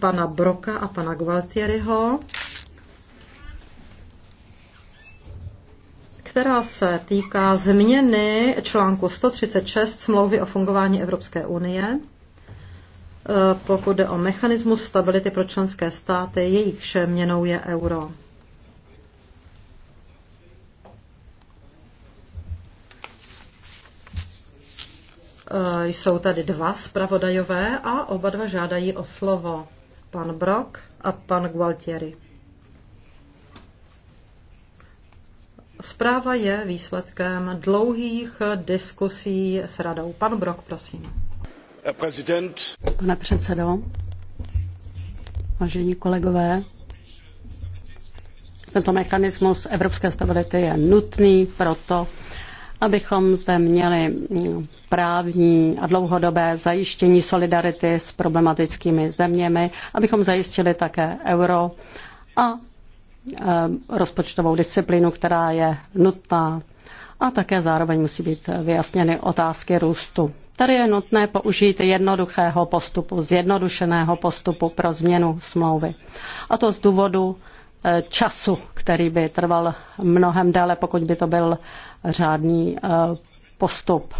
pana Broka a pana Gualtieriho, která se týká změny článku 136 smlouvy o fungování Evropské unie, e, pokud jde o mechanismus stability pro členské státy, jejichž měnou je euro. E, jsou tady dva zpravodajové a oba dva žádají o slovo pan Brock a pan Gualtieri. Zpráva je výsledkem dlouhých diskusí s radou. Pan Brok, prosím. Pane předsedo, vážení kolegové, tento mechanismus evropské stability je nutný proto, abychom zde měli mm, právní a dlouhodobé zajištění solidarity s problematickými zeměmi, abychom zajistili také euro a e, rozpočtovou disciplínu, která je nutná. A také zároveň musí být vyjasněny otázky růstu. Tady je nutné použít jednoduchého postupu, zjednodušeného postupu pro změnu smlouvy. A to z důvodu e, času, který by trval mnohem déle, pokud by to byl řádný eh, postup.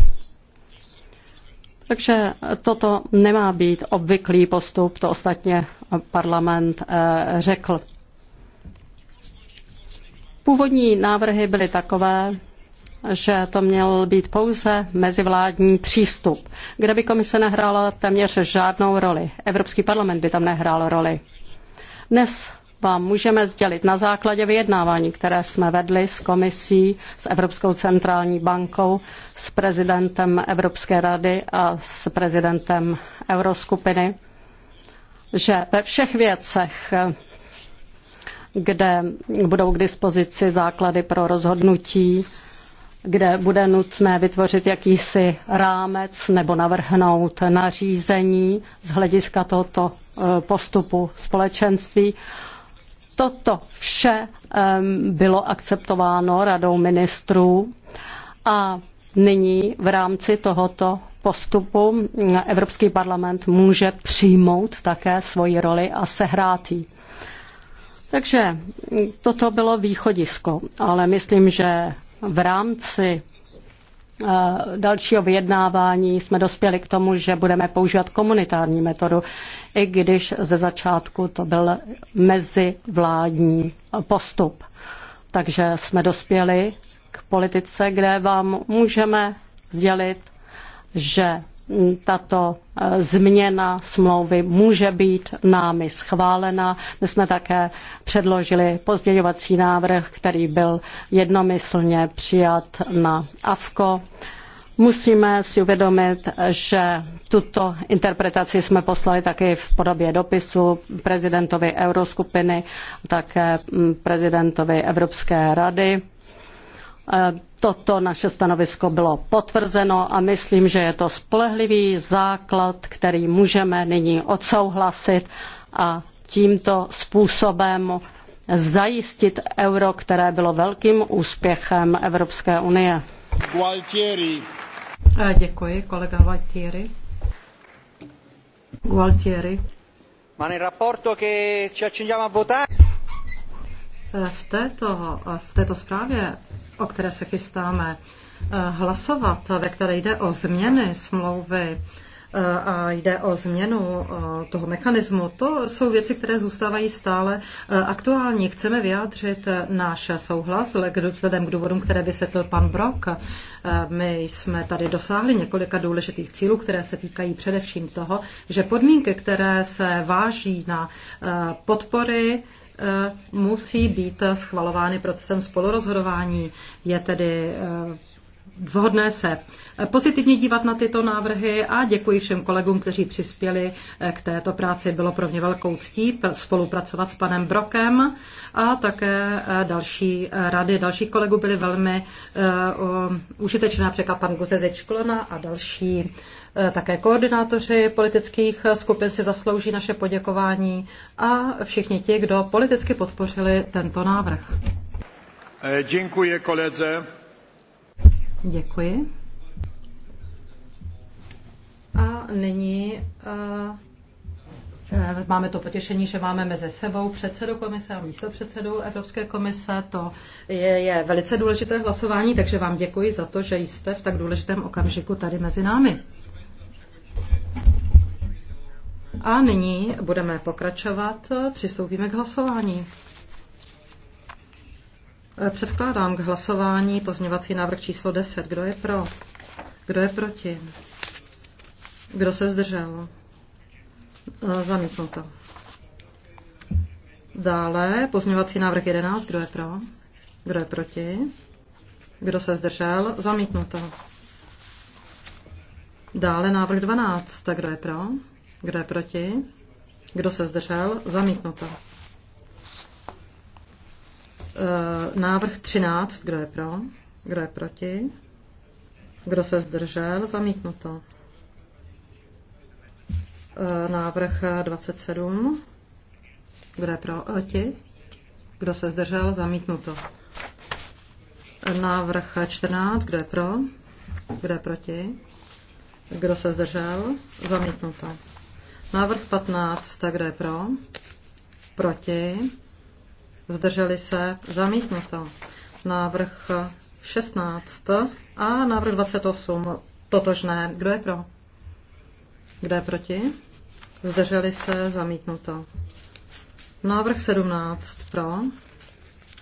Takže toto nemá být obvyklý postup, to ostatně parlament eh, řekl. Původní návrhy byly takové, že to měl být pouze mezivládní přístup, kde by komise nehrála téměř žádnou roli. Evropský parlament by tam nehrál roli. Dnes vám můžeme sdělit na základě vyjednávání, které jsme vedli s komisí, s Evropskou centrální bankou, s prezidentem Evropské rady a s prezidentem Euroskupiny, že ve všech věcech, kde budou k dispozici základy pro rozhodnutí, kde bude nutné vytvořit jakýsi rámec nebo navrhnout nařízení z hlediska tohoto eh, postupu společenství, Toto vše bylo akceptováno radou ministrů a nyní v rámci tohoto postupu Evropský parlament může přijmout také svoji roli a sehrát ji. Takže toto bylo východisko, ale myslím, že v rámci dalšího vyjednávání jsme dospěli k tomu, že budeme používat komunitární metodu, i když ze začátku to byl mezivládní postup. Takže jsme dospěli k politice, kde vám můžeme sdělit, že tato eh, změna smlouvy může být námi schválena. My jsme také předložili pozměňovací návrh, který byl jednomyslně přijat na AFKO. Musíme si uvědomit, že tuto interpretaci jsme poslali také v podobě dopisu prezidentovi Euroskupiny, také mm, prezidentovi Evropské rady. Eh, toto naše stanovisko bylo potvrzeno a myslím, že je to spolehlivý základ, který můžeme nyní odsouhlasit a tímto způsobem zajistit euro, které bylo velkým úspěchem Evropské unie. Gualtieri. Děkuji, kolega Gualtieri. Gualtieri. Ma nel rapporto che ci accingiamo a votare... Eh, v této, eh, v této zprávě, o které se chystáme eh, hlasovat, ve které jde o změny smlouvy eh, a jde o změnu eh, toho mechanismu, to jsou věci, které zůstávají stále aktuální. Chceme vyjádřit náš souhlas vzhledem k důvodům, které vysvětlil pan Brok. My jsme tady dosáhli několika důležitých cílů, které se týkají především toho, že podmínky, které se váží na podpory, musí být schvalovány procesem spolurozhodování. Je tedy vhodné se pozitivně dívat na tyto návrhy a děkuji všem kolegům, kteří přispěli k této práci. Bylo pro mě velkou ctí spolupracovat s panem Brokem a také eh, další eh, rady dalších kolegů byly velmi uh, užitečné, například pan Guzeze Čklona a další také koordinátoři politických skupin si zaslouží naše poděkování a všichni ti, kdo politicky podpořili tento návrh. Děkuji koledze. Děkuji. A nyní uh, máme to potěšení, že máme mezi sebou předsedu komise a místo předsedu Evropské komise. To je, je velice důležité hlasování, takže vám děkuji za to, že jste v tak důležitém okamžiku tady mezi námi. A nyní budeme pokračovat, přistoupíme k hlasování. Předkládám k hlasování pozměvací návrh číslo 10. Kdo je pro? Kdo je proti? Kdo se zdržel? E, zamítnuto. Dále pozměvací návrh 11. Kdo je pro? Kdo je proti? Kdo se zdržel? Zamítnuto. Dále návrh 12. Kdo je pro? Kdo je proti? Kdo se zdržel? Zamítnuto. Eh, návrh 13, eh, kdo je pro? Kdo je proti? Kdo se zdržel? Zamítnuto. Návrh 27. Kdo je proti? Kdo se zdržel? Zamítnuto. Návrh 14. Kdo je pro? Kdo je proti? Kdo se zdržel? Zamítnuto. Návrh 15. Kdo je pro? Proti? zdrželi se, zamítnuto. Návrh 16 a návrh 28 totožné. Kdo je pro? Kdo je proti? Zdrželi se, zamítnuto. Návrh 17 pro,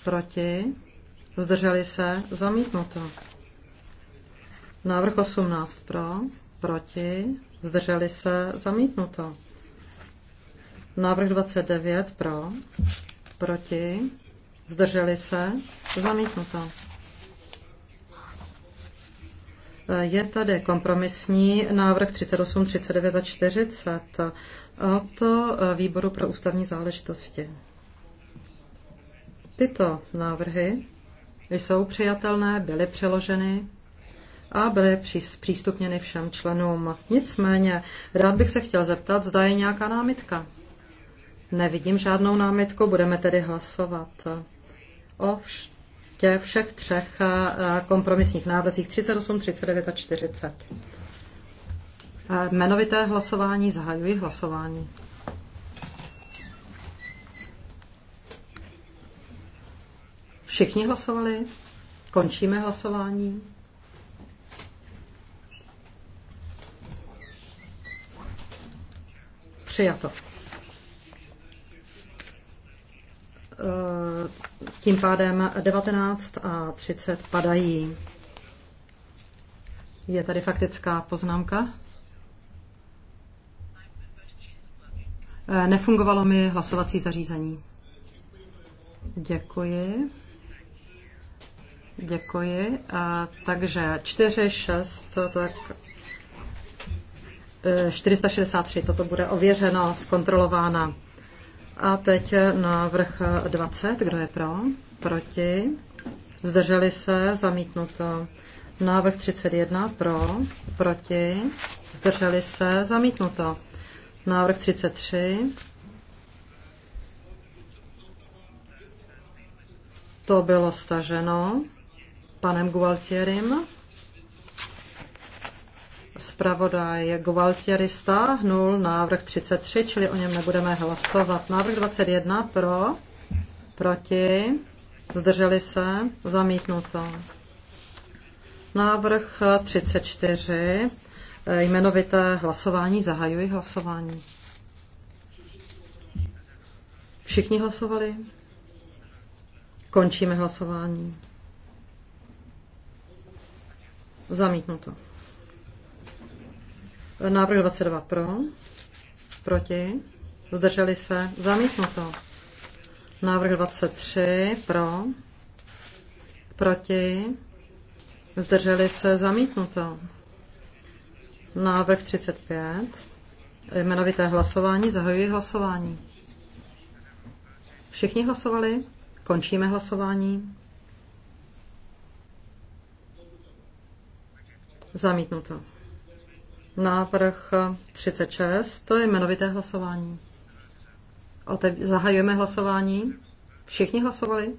proti, zdrželi se, zamítnuto. Návrh 18 pro, proti, zdrželi se, zamítnuto. Návrh 29 pro, proti, zdrželi se, zamítnuto. Je tady kompromisní návrh 38, 39 a 40 od výboru pro ústavní záležitosti. Tyto návrhy jsou přijatelné, byly přeloženy a byly přístupněny všem členům. Nicméně rád bych se chtěl zeptat, zda je nějaká námitka. Nevidím žádnou námitku, budeme tedy hlasovat o těch všech třech eh, kompromisních návrzích 38, 39 a 40. Eh, jmenovité hlasování zahajuji hlasování. Všichni hlasovali? Končíme hlasování. Přijato. Eh, tím pádem 19 a 30 padají. Je tady faktická poznámka? Eh, nefungovalo mi hlasovací zařízení. Děkuji. Děkuji. A, eh, takže 4, 6, to tak 463, toto bude ověřeno, zkontrolována. A teď návrh 20. Kdo je pro? Proti? Zdrželi se? Zamítnuto. Návrh 31. Pro? Proti? Zdrželi se? Zamítnuto. Návrh 33. To bylo staženo panem Gualtierim zpravodaj Gualtieri stáhnul návrh 33, čili o něm nebudeme hlasovat. Návrh 21 pro, proti, zdrželi se, zamítnuto. Návrh 34, jmenovité hlasování, zahajuji hlasování. Všichni hlasovali? Končíme hlasování. Zamítnuto. Návrh 22 pro, proti, zdrželi se, zamítnuto. Návrh 23 pro, proti, zdrželi se, zamítnuto. Návrh 35, jmenovité hlasování, zahajuji hlasování. Všichni hlasovali? Končíme hlasování. Zamítnuto. Návrh 36, to je jmenovité hlasování. Otev- zahajujeme hlasování. Všichni hlasovali?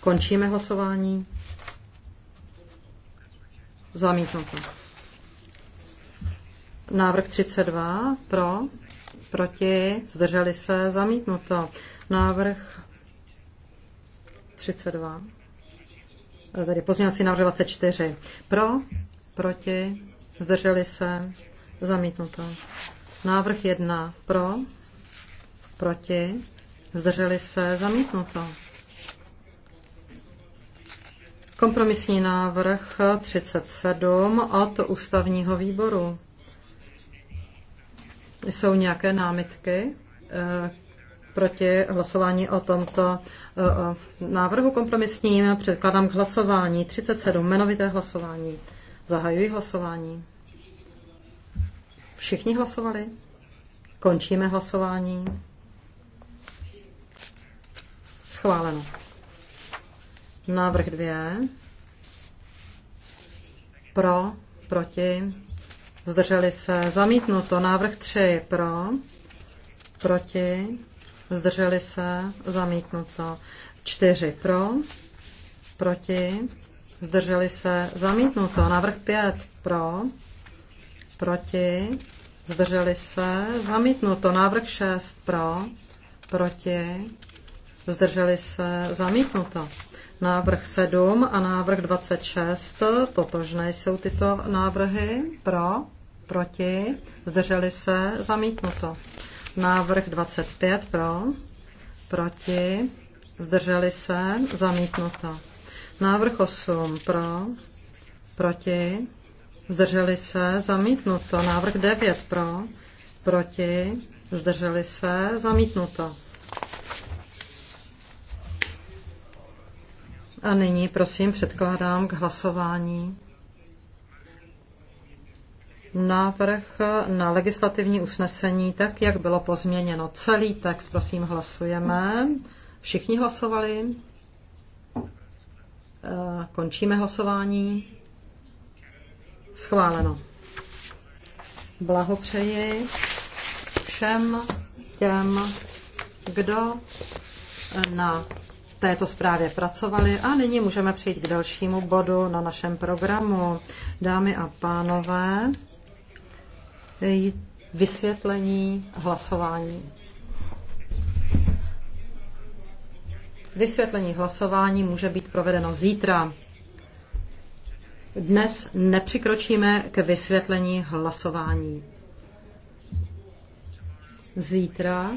Končíme hlasování. Zamítnuto. Návrh 32 pro, proti, zdrželi se, zamítnuto. Návrh 32, tedy pozměňovací návrh 24 pro, proti, zdrželi se, zamítnuto. Návrh 1 pro, proti, zdrželi se, zamítnuto. Kompromisní návrh 37 od ústavního výboru. Jsou nějaké námitky eh, proti hlasování o tomto eh, návrhu kompromisním? Předkládám k hlasování 37, jmenovité hlasování. Zahajuji hlasování. Všichni hlasovali? Končíme hlasování. Schváleno. Návrh dvě. Pro, proti, zdrželi se, zamítnuto. Návrh tři. Pro, proti, zdrželi se, zamítnuto. Čtyři. Pro, proti, zdrželi se, zamítnuto. Návrh 5 pro, proti, zdrželi se, zamítnuto. Návrh 6 pro, proti, zdrželi se, zamítnuto. Návrh 7 a návrh 26, totožné jsou tyto návrhy, pro, proti, zdrželi se, zamítnuto. Návrh 25 pro, proti, zdrželi se, zamítnuto. Návrh 8 pro, proti, zdrželi se, zamítnuto. Návrh 9 pro, proti, zdrželi se, zamítnuto. A nyní, prosím, předkládám k hlasování návrh na legislativní usnesení, tak jak bylo pozměněno. Celý text, prosím, hlasujeme. Všichni hlasovali? Eh, končíme hlasování. Schváleno. Blahopřeji všem těm, kdo eh, na této zprávě pracovali a nyní můžeme přejít k dalšímu bodu na našem programu. Dámy a pánové, vysvětlení hlasování. Vysvětlení hlasování může být provedeno zítra. Dnes nepřikročíme k vysvětlení hlasování. Zítra